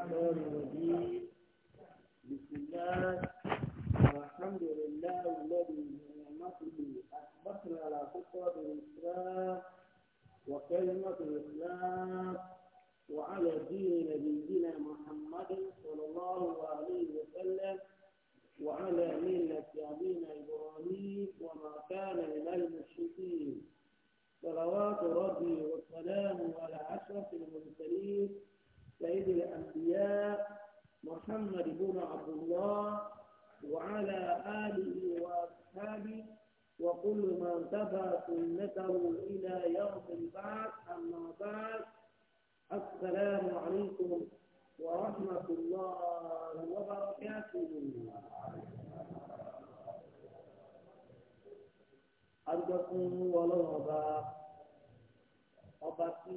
الرحمن الرحيم بسم الله والحمد لله الذي بنعمته أثبتنا على فطرة الإسلام وكلمة الإسلام وعلى دين نبينا محمد صلى الله عليه وسلم وعلى ملة أبينا إبراهيم وما كان من المشركين صلوات ربي وسلامه على أشرف المرسلين سيد الأنبياء محمد بن عبد الله وعلى آله وأصحابه وكل من تبع سنته إلى يوم البعث أما بعد السلام عليكم ورحمة الله وبركاته أرجوكم ولو ọba tí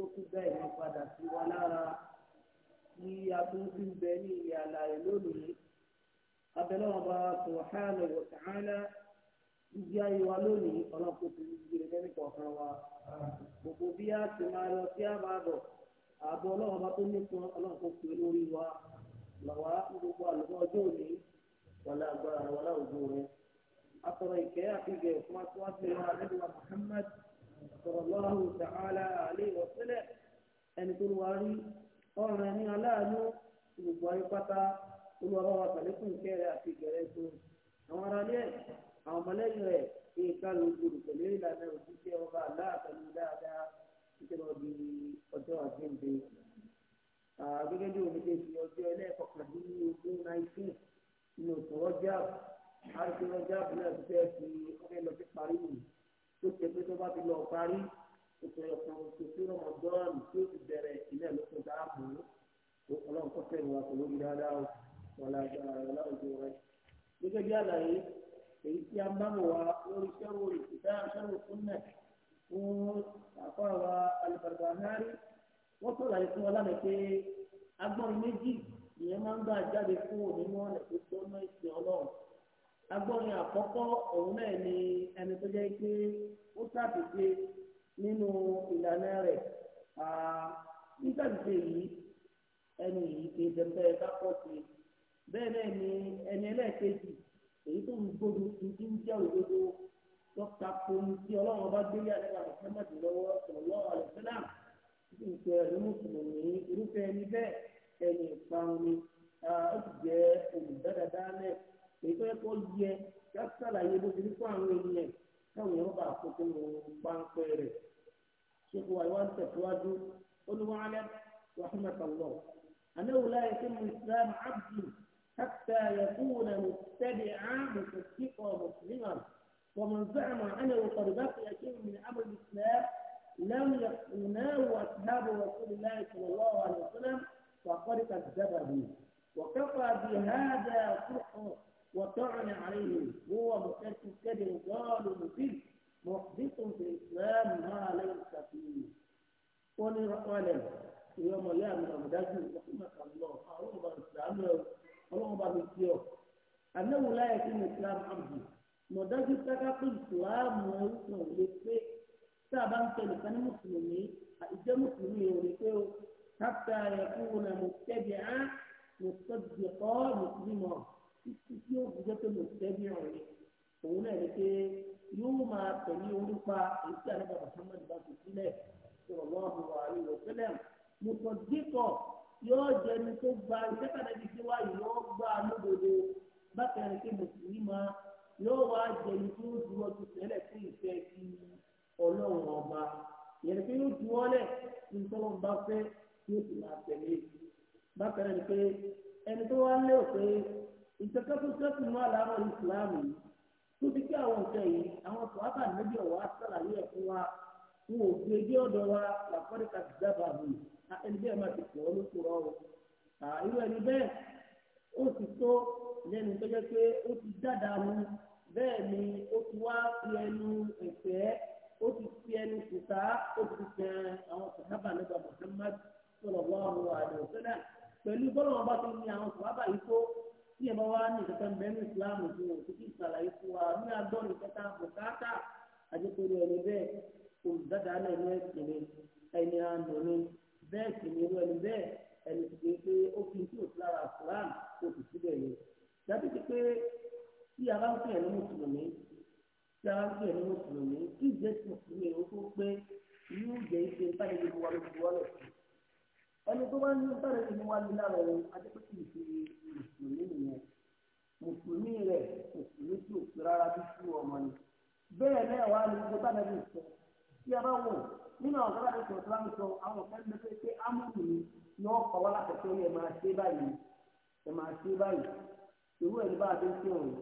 ó kú bẹ́ẹ̀ ni padà sí wa lára tí a tún fi ń bẹ ní ilé alàyè lónìí abẹ́lẹ́ ọba subhanahu wa ta'ala ìdí ayé wa lónìí ọlọ́pọ̀ tó ń gbé lẹ́nu kọ̀ọ̀kan wa gbogbo bí a ti máa lọ sí àbábọ̀ ààbò ọlọ́ọ̀ba tó nípọn ọlọ́pọ̀ pé lórí wa lọ́wọ́ gbogbo àlùkò ọjọ́ òní wọlé agbára wọlé òjò rẹ. atọ̀rọ̀ ìkẹ́ àfihàn fún wa tí wọ́n ti rán àlejò sallallahu ta'ala alaihi wa sallam ẹni tó wà rí ọ̀ràn ẹni aláàánú gbogbo ayé pátá olùwàbá wa pàlékún kẹrẹ àti ìgbẹrẹ tó àwọn ará ilé àwọn ọmọlẹ́yìn rẹ̀ kí n ká lóko olùpẹ̀lẹ́ ìlànà òṣìṣẹ́ ọba aláàtọ̀lù dáadáa nítorí ọdún ọjọ́ àjíǹde gẹ́gẹ́ bí omi ṣe fi ọjọ́ ẹlẹ́ẹ̀kọkàndínlógún nineteen nínú òṣù rọ́jà àti rọ́jà àbúlé àti fẹ́ẹ́ fi ọkẹ́ tó ṣe pé tó bá fi lọ parí oṣù ọ̀kan oṣù tí rọmọdọ́ọ̀nù tí ó ti bẹ̀rẹ̀ ìpínlẹ̀ ló tún dáa bò ó ọlọ́run kọ́ fẹ́ẹ́ wà pẹ̀lú dáadáa o wọlé agbára rẹ láwùjọ rẹ. gẹ́gẹ́ bí àlàyé èyí tí a ń bá mọ̀ wá lórí sẹ́wọ̀ ìdá sẹ́wọ̀ súnmẹ̀ fún àkọ́wà alìbàdàmárì wọ́n tó láyé fún ọlá pé agbọ́n méjì ìyẹn máa ń gbà jáde fún òmìnira agbọ́nrin àkọ́kọ́ òun náà ni ẹni tó jẹ́ pé ó ṣàtìṣe nínú ìlànà rẹ̀ nígbàtìṣe yìí ẹni yìí kì í tẹ̀lé kápọ̀ sí i bẹ́ẹ̀ náà ni ẹni ẹlẹ́ẹ̀kejì èyí tó ń gbódò tí ń jẹ́ òdodo dókítà poli tí ọlọ́run bá gbé yá nípa mọ̀tẹ́mọ̀tì lọ́wọ́ ọ̀lọ́ àlùfẹ́lá tí ń pè ní mùsùlùmí irúfẹ́ ẹni bẹ́ẹ̀ ẹni ìparun ni ó sì jẹ́ olùdádádá náà. èyí kọ́ yẹ kó yẹ bó ti ní kó àwọn èèyàn káwọn wọ́n bá kó tó ń pẹ́ rẹ̀ ṣé kó ṣéko wá ń tẹ̀síwájú ó ní wọn alẹ́ rahmatullah anáwó láyé tó mú islam abdu kò yakuna mubtadi'a mùsùlùmí mùsùlùmí ومن زعم انه قد بقي شيء من امر الاسلام لم يقناه اصحاب رسول الله صلى الله عليه وسلم فقد كذبه وكفى بهذا فرحه وطعن عليهم هو مؤكد ظالم فيه محدث في الإسلام ما ليس فيه ونرأى يوم يام رمضان رحمك الله اللهم بارك لعنه اللهم بارك له أنه لا يتم إسلام عبده مدرج تكاكل إسلام ويسمى لكي سابان كان مسلمي إذا مسلمي ولكي حتى يكون مبتدعا مصدقا مسلما tí ó fi jẹ́ pé mo fẹ́ bí ọ̀rọ̀ yìí òun náà ni pé yóò máa tẹ̀lé orúkọ èyí tí àlẹ́ bàbá Muhammad bá ti sílẹ̀ sallallahu alaihi wa sallam mùsọ̀ díkọ̀ yóò jẹ́ ẹni tó gba iṣẹ́ kàdájú tí wá yìí yóò gbà lódodo bákan ní pé mùsùlùmí máa yóò wá jẹ́ ẹni tó dúró ti tẹ́lẹ̀ fún ìfẹ́ ti ọlọ́run ọba yẹnni pé yóò dúró lẹ̀ ní tọ́wọ́n bá fẹ́ yóò sì máa tẹ̀lé bákan ní pé ẹni tó wá lé òpin ìtẹ̀kẹ́fúnkẹ́fù náà lára ìsìláàmù yìí tó ti kí àwọn nǹkan yìí àwọn sọ̀hábà níbi ọ̀wá sàlàyé ẹ̀ fún wa ń wò gbé dé ọ̀dọ̀ wa làkọ́ríkà ti dábàá mi ẹni bẹ́ẹ̀ máa ti pọ̀ ló kúrọ̀ o irú ẹni bẹ́ẹ̀ ó ti tó lẹ́nu tó jẹ́ pé ó ti dáadáa mu bẹ́ẹ̀ ni ó ti wá fi ẹnu ẹ̀fẹ́ ó ti fi ẹnu kùtà ó ti fi àwọn Muhammad sallallahu alaihi wasallam pẹ̀lú bọ́lá wọn bá ti ní àwọn sọ̀hábà yìí tó tí ẹ bá wá ní ìkẹta mẹ́rin ìsìláàmù tí wọn kò tí ì sàlàyé fún wa ní agbọ́nù kẹta bùkátà àjẹpẹ̀rẹ̀ ẹni bẹ́ẹ̀ olùdáda náà ní ẹ̀sìn ni ẹni àná ni bẹ́ẹ̀ sì ni irú ẹni bẹ́ẹ̀ ẹni sì pé pé ó fi tí òsì lára ìsìláàmù tó fi síbẹ̀ yẹn. dájú ti pé tí a bá ń pè ní mùsùlùmí tí a bá ń pè ní mùsùlùmí tí ìjẹ́sìn mùsùlùmí ó tó pé yóò jẹ́ ìṣe ìpàdé ẹni tó bá ní sáré ìlú wa ní lára ẹ̀rọ adépẹ́kì ìṣe mùsùlùmí nìyẹn mùsùlùmí rẹ̀ mùsùlùmí tí ò fi rárá bí sí ọmọ ni bẹ́ẹ̀ náà wà ní ibi tá nàbí sọ tí a bá wọ̀ nínú àwọn sábà tó sọ̀rọ̀ láti sọ àwọn ọ̀fẹ́ ní pé pé ámúlù ni ni wọ́n kọ́ wá láti sọ ẹ máa ṣe báyìí ẹ máa ṣe báyìí irú ẹni bá a ti ń ṣe òun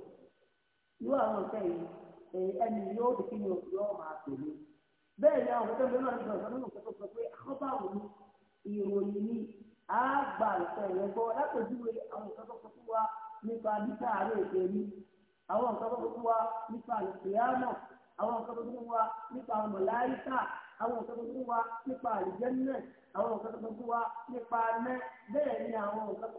àwọn nǹkan yìí ẹni yóò ti kí ni yóò máa tẹ̀lé bẹ́ẹ̀ ni àwọn ọ̀fẹ́ ń bẹ náà ní sọ̀rọ̀ sọ̀rọ̀ ìròyìn ní a gba nǹkan ìyẹn gbọ́ látòjúwe àwọn nǹkan tó fún wa nípa bíkà àárẹ̀ èdè mi àwọn nǹkan tó fún wa nípa àlùkìyàmọ̀ àwọn nǹkan tó fún wa nípa mọ̀láyíkà àwọn nǹkan tó fún wa nípa àlùjẹ́nẹ̀ àwọn nǹkan tó fún wa nípa bẹ́ẹ̀ ni àwọn nǹkan tó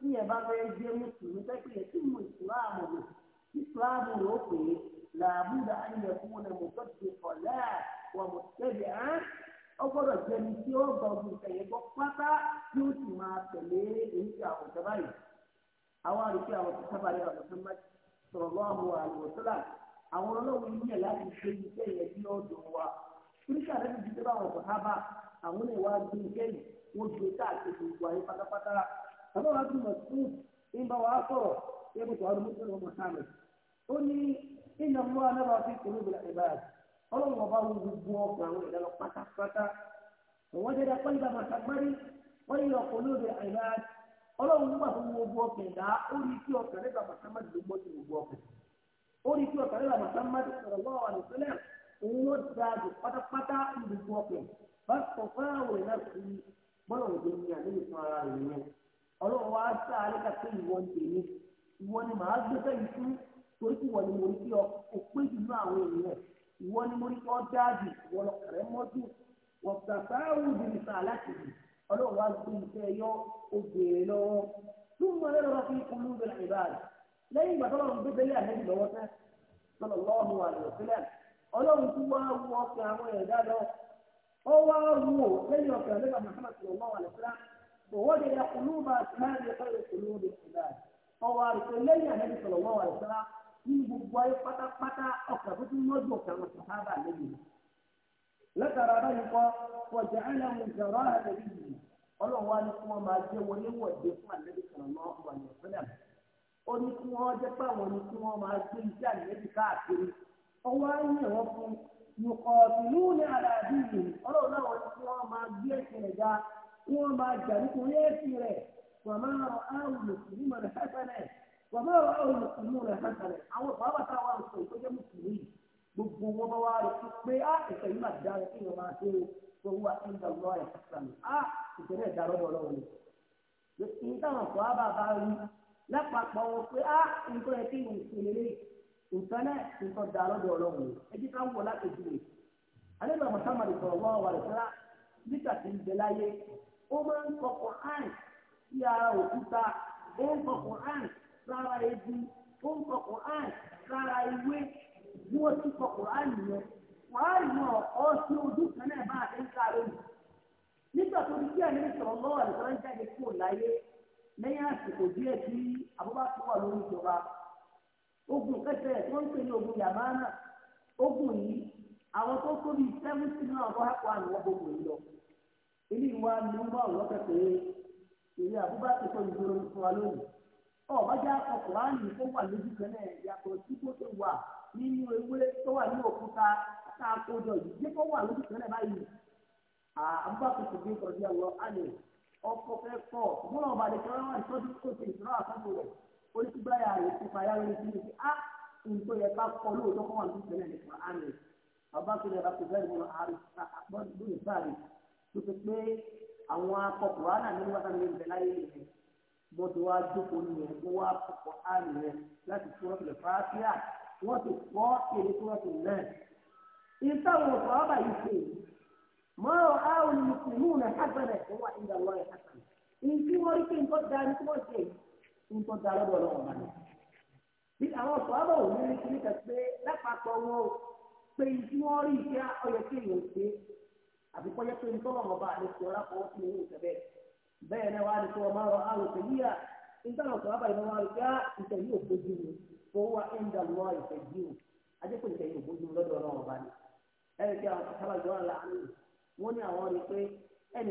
tí yẹn bá fẹ́ jẹ́ mùsùlùmí pẹ́pẹ́ yẹn tí mo ìsìláàmù lò ìsìláàmù lò pé làbúdà ayẹ̀kún ni mo tó ti kọ̀lẹ́ wà mo tẹ̀lé á ó gbọ́dọ̀ jẹ́ mi tí ó gbọ́ ọdún ìtẹ̀yẹ gbọ́ pátá tí ó sì máa tẹ̀lé èyí tí àwọn ìjọba yìí àwọn àrùkí àwọn tó sábà ní àwọn tó máa sọ̀rọ̀ lọ́wọ́ àwọn àlùwọ̀sọ́là àwọn ọlọ́run yíyẹ láti ṣe iṣẹ́ yẹn bí ọ̀dọ̀ wa kíríkà lẹ́nu ti dé bá àwọn sọ̀hábà àwọn ìwà gbé iṣẹ́ yìí wọ́n gbé gbogbo ayé pátápátá àbọ̀ wá túmọ̀ sí ìgbà wàá sọ̀rọ̀ ṣé kò tó ọdún mọ́tò ọmọ hàmì ó ní ìnà mú anábà fi kùnú bìlà ìbáàdì ọlọ́run ọba wo gbogbo ọgbà àwọn ìlànà pátápátá òwò jẹ́dá pẹ́lú àmà sàgbárí wọ́n ní ọkọ̀ olóògbé àìláàdì ọlọ́run wà fún gbogbo ọkẹ̀ dá ó rí kí ọkẹ̀ nígbà màsàmádì ló gbọ́ gbogbo ọkẹ̀ ó rí kí ọkẹ̀ nígbà màsàmádì sọ̀rọ̀ lọ́wọ́ àlùfẹ́lẹ̀ òun ló da jù pátápátá ní gbogbo ọkẹ̀ bá sọ fún àwọn ìlànà sí bọ́lọ̀ ọlọ́run wá sá alẹ́ka pé ìwọ ń tèmi ìwọ ni màá gbé sẹ́yìn fún torí kí ìwọ ni mo rí kí ọ kò pé jù náà àwọn ènìyàn ìwọ ni mo rí kí ọ dáàbì ìwọ lọ kàrẹ́ mọ́tò wọ́n gbàgbá wùdí nìkan aláṣẹ yìí ọlọ́run wá gbé iṣẹ́ yọ obìnrin lọ́wọ́ tún mọ lẹ́nu wá fi kúlú bẹ̀rẹ̀ ìbáàdì lẹ́yìn ìgbà tọ́lọ́run gbé bẹ́lẹ́ àlẹ́bí lọ́wọ́ tẹ́ sallallahu alaihi wasallam ووجد قلوب أسمان غير قلوب العباد فهو رسول صلى الله عليه وسلم من فتا فتا كما wa ní kí wọ́n máa jẹ́ wọlé wọ̀dé fún àlẹ́bí sallallahu alaihi wasallam ó ní kí wọ́n jẹ́ pé àwọn ní kí wọ́n máa gbé iṣẹ́ àlẹ́bí káàkiri ọwọ́ ayé kí wọ́n máa jà nítorí ẹ̀sìn rẹ̀ wà máa rọ áwùn mùsùlùmí mọ̀ rẹ̀ hẹ́sẹ̀lẹ̀ wà máa rọ áwùn mùsùlùmí mọ̀ rẹ̀ hẹ́sẹ̀lẹ̀ àwọn bàbá tá a wà sọ tó jẹ́ mùsùlùmí gbogbo wọn bá wà rẹ̀ pé á ìfẹ́ yìí máa dára kí wọ́n máa dé tó wà ní ìdàgbọ́ ẹ̀ sàmì á ìfẹ́ ìdàrọ́ ọlọ́run ní táwọn kọ́ á bá bá rí lápapọ̀ wọn pé á nǹkan ẹ̀ kí n kò lọ́dọ̀ ọlọ́run ó máa nkọpụ kọ Quran sí ara nkọpụ ó ń kọ Quran nkọpụ ebi ó iwe kọ Quran nkọpụ ewé bí wọ́n nọ kọ Quran yẹn wàá yọ ọ sí ojú kan náà bá àti lónìí nígbà tó ní kí ẹni sọ̀rọ̀ lọ́wọ́ ń jáde kúrò láyé lẹ́yìn àsìkò ogun kẹsẹ̀ tó ń pè ní ogun Yamana ogun yìí àwọn tó ilé ìwà ni wọ́n bá àwọn kẹ̀kẹ́ ìwé àbúgbà tó sọ ìdúró fún wa lónìí. ọba jẹ́ ọkùnrin kó wà lójú kan náà yàtọ̀ sí kó tó wà nínú ewé tó wà ní òkúta àtàkójọ yìí jẹ́ kó wà lójú kan náà báyìí. àbúgbà tó sọ pé kọ̀ọ̀dí àwọn àlè ọkọ̀ fẹ́ pọ̀ ṣùgbọ́n ọba lè kọ́ wọn ìtọ́jú tó ṣe ìṣúná àkókò rẹ̀ ó ní kígbà tó ti pé àwọn akọkùnrin àná nínú wákàtí ní ìbẹ̀lá yìí nìyẹn mo ti wá jókòó nìyẹn mo wá kọkọ àná yẹn láti túrọ̀ tẹ̀lé fàáfíà ti kọ́ èdè túrọ̀ tẹ̀lé náà. ìtàwọn ọ̀sán ọba yìí ṣe mọ́ àwọn mùsùlùmí náà hàbẹ̀rẹ̀ tó wà ní ìdàlọ́ yẹn ìdí wọn rí pé nǹkan da ṣe nǹkan da lọ́dọ̀ bí àwọn ọba àbí kọ́jẹ́ pé nítorí ọmọ bá a lè fi ọlá fọwọ́ sí owó ìtẹ̀bẹ́ bẹ́ẹ̀ náà wàá ní kí wọ́n máa rọ àrùn tẹ̀yíyà nítorí ọ̀sán àbáyé náà wàá rí pé ìtẹ̀ yìí ò bójú mu fowó wa ń dà lọ́wọ́ ìtẹ̀ yìí o ajẹ́ pé ìtẹ̀ yìí ò bójú mu lọ́dọ̀ ọlọ́wọ́ bá ní. ẹnì kí àwọn kàkàrà jọ wà láàánú wọn ní àwọn rí pé ẹnì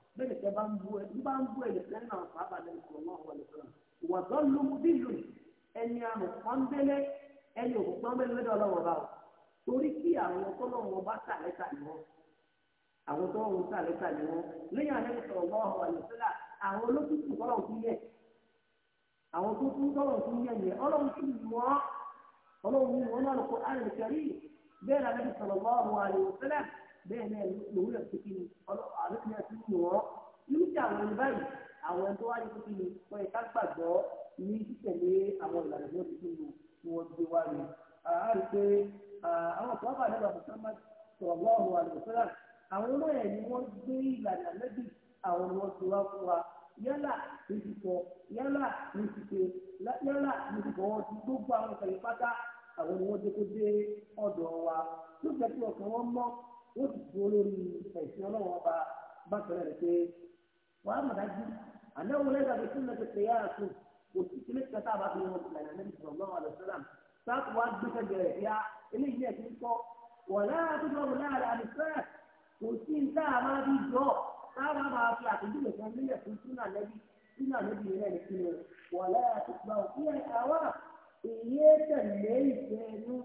bẹ́ẹ̀ bụ bá ń bú ẹ bá ń bú ẹ lè fẹ́ràn àwọn sábà lẹ́nu kọ̀ náà ẹni àrùn pọ́nbélé ẹni òkú pọ́nbélé lọ́dọ̀ ọlọ́wọ́n bá o. torí kí àwọn tọ́lọ́wọ́n bá tàlẹ́tà ni wọ́n bẹ́ẹ̀ náà lòun náà ti kí ni àlejò náà ti yàn ọ́ nígbà àwọn ẹni báyìí àwọn ẹni tó wáyé tó kí ni wọ́n yẹ ká gbàgbọ́ ní títẹ̀lé àwọn ìlànà tó ti kí ni tí wọ́n gbé wá rè á rí pé àwọn tó wá bá nígbà Muhammad sallallahu alaihi wasallam àwọn ọmọ ẹ̀ ni wọ́n gbé ìlànà lẹ́bí àwọn ọmọ tó wá fún wa yálà ní ti sọ yálà ní ti ṣe yálà ní ti bọ̀ wọ́n ti gbogbo àwọn ìkàlẹ̀ pátá àwọn ni wọ́n dé kó dé ọ̀dọ̀ wa ló fẹ́ kí wọn mọ́ ó sì dúró lórí ẹ̀sìn ọlọ́wọ́ ọba bá sọ̀rọ̀ rẹ̀ pé wàá mọ̀ dájú àná òun lẹ́gbàá fi sínú ẹ̀sìn pé yára tó kò sí kílé kẹta àbá fi wọn sílẹ̀ ní ẹ̀mí sọ̀rọ̀ lọ́wọ́ àlùsọ́làm sáàpù wá gbé sẹ́gbẹ̀rẹ̀ yá eléyìí ẹ̀sìn kọ́ wọ̀lá àtúntò wọ̀lá àlùsọ́làm kò sí nta àmà bí jọ táwọn máa fi àtúntò wọ̀lá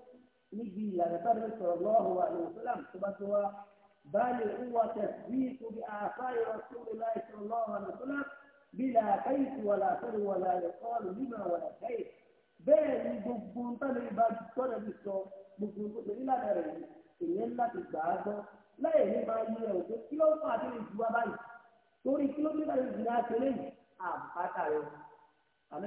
níbi ìlànà tá a lè sọ̀rọ̀ lọ́wọ́ àlùfáà sọ́làm tó bá tó wá báyìí ìwà tẹ̀sí tóbi àfáì ọ̀ṣunmi láì sọ̀rọ̀ lọ́wọ́ àlùfáà sọ́làm bí làákàyèsí wà láàfẹ́rẹ́ wà láàyẹ̀kọ́ọ̀lù nígbà wà láàkàyè bẹ́ẹ̀ ni gbogbo ntọ́ni bá tọ́nà bí sọ gbogbo gbogbo nílànà rẹ̀ èèyàn láti gbà á gbọ́ láyé ní máa yí ẹ̀ òkè kí ló fà á ti lè ju wa báyìí torí kí ló fi láti jìnnà àtẹlẹ́yìn àbáta rẹ̀ àmì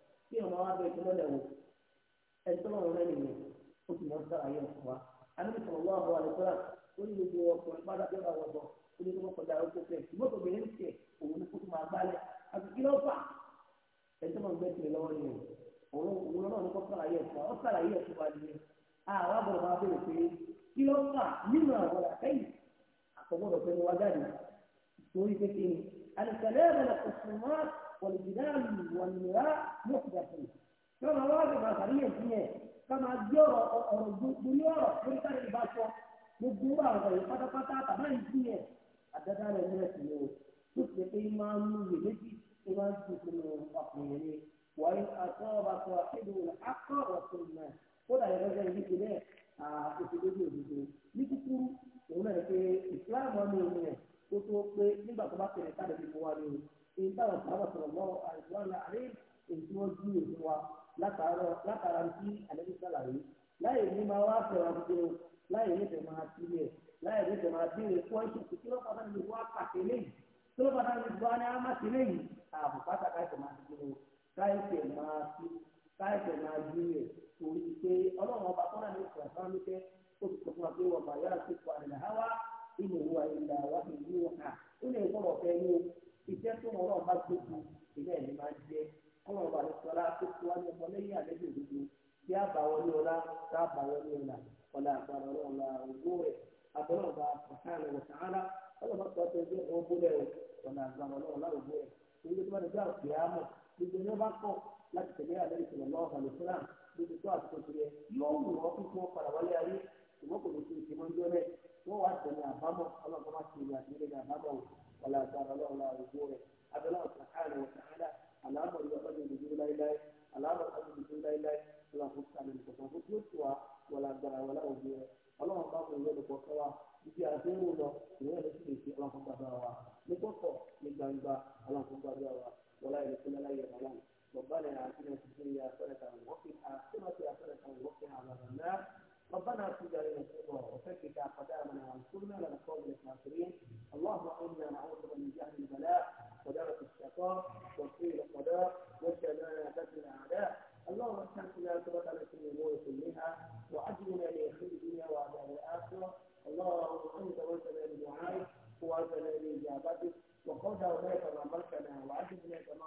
kí ọmọ wa bẹ ìṣúná lẹwọ ẹ̀tọ́ ọ̀rọ̀ rẹ nìyẹn ó sì máa ń sára yẹn fún wa àmì sọ wọn àwọn àlùkòrà ó ní gbogbo ọkùnrin padà bí ọba wọtọ ó ní kókò dára kó fẹ́ ìmọ̀tò bẹ̀rẹ̀ ń tẹ òun ní kókò máa gbálẹ̀ àti kí ló fà ẹ̀tọ́ máa ń gbẹ tìrẹ lọ́wọ́ nìyẹn òun òun náà ní kó sára yẹn fún wa ó sára yẹn fún wa nìyẹn àwọn àbọ̀rọ̀ máa bẹ̀rẹ̀ pé kí ló fà nínú àwọn àtẹ́yìn àkọ́gbọ́dọ̀ fẹ́ ni wá jáde torí pé kí ni àlùkò والجدال والمراء محدثون كما واجب غريب فيه كما جرى دنيا كنت الباشا gbogbo àwọn ọ̀rọ̀ pátápátá tàbá ìdí yẹn àdáadáa rẹ̀ náà sì ni o tó ṣe pé máa ń lè méjì tó máa ń dùn sínú ọkùnrin ni wọ́n aṣọ ọba sọ akéde wọn akọ ọ̀sẹ̀ náà kódà yẹn lọ́jọ́ ìdí ti bẹ́ẹ̀ àtòkèdèdè òdodo ní kúkúrú òun náà ni pé ìsìláàmù ọmọ òun rẹ̀ tó tó pé nígbà tó bá tẹ̀lé káàdì ìfowópamọ́ ìbára sábà sọ̀rọ̀ lọ́wọ́ àìsàn àárín èyí wọ́n jú èyí wa látara tí àlejò sàlàyé láì ní máa wá fẹ́ràn gbogbo sábà wọlé ńlá ọ̀la àpàrọ̀ ọlọ́ọ̀la ògbó rẹ̀ àtọ́lọ́ọ̀ba ọ̀sán ọ̀sán ọlọ́ọ̀ba tọ́tọ́ ẹgbẹ́ ọgbó rẹ̀ ọ̀la àpàrọ̀ ọlọ́ọ̀la ògbó rẹ̀ níbi tí wọ́n ti gbà òkè àmọ̀ gbogbo ní wọ́n bá kọ̀ láti tẹ̀lé àlẹ́ ìṣẹ̀lẹ̀ lọ́wọ́ àlùfáà níbi tó àtúntò ti rẹ̀ yóò wù wọ́n fún fún ọ̀padà wọlé ayé ṣùgbọ́n kò ní ṣe ìṣèmọ́ ń jọ́lẹ̀ wọ́n wá tẹ̀lé àbámọ̀ ọlọ́ọ̀kan má ti rìn àti nílẹ̀ àbámọ̀ ọ̀la àgbàrá ọlọ́ọ̀la àrùgbó rẹ̀ abẹ́lẹ́ ọ̀sán àlẹ́ ọ̀sán àlẹ́ àlámọ̀ ìyọ̀kọ́ ọlọ́run sáré nìkan kó tí ó tù wá wọlé agbára wọlé òbí rẹ ọlọ́run bá fún ìwé ìdìbò kẹwà ibi àdéhùn lọ ìwé ìdìbò sì lè fi ọlọ́run gbàdúrà wa ní kọ́kọ́ ní gbangba ọlọ́run gbàdúrà wa wọlé ìdìbò láyé ọlọ́run ربنا آتنا في الدنيا حسنة وفي الآخرة حسنة وقنا عذاب النار ربنا اغفر لنا ذنوبنا وثبت أقدامنا وانصرنا على القوم الكافرين اللهم اللهم اجعل استحسنا عقبتنا في الامور كلها وعجلنا من خير الدنيا وعذاب الاخره اللهم انت وجدنا بدعائك ووجدنا اجابتك وخذ اولئك ما ملكنا وعجبنا كما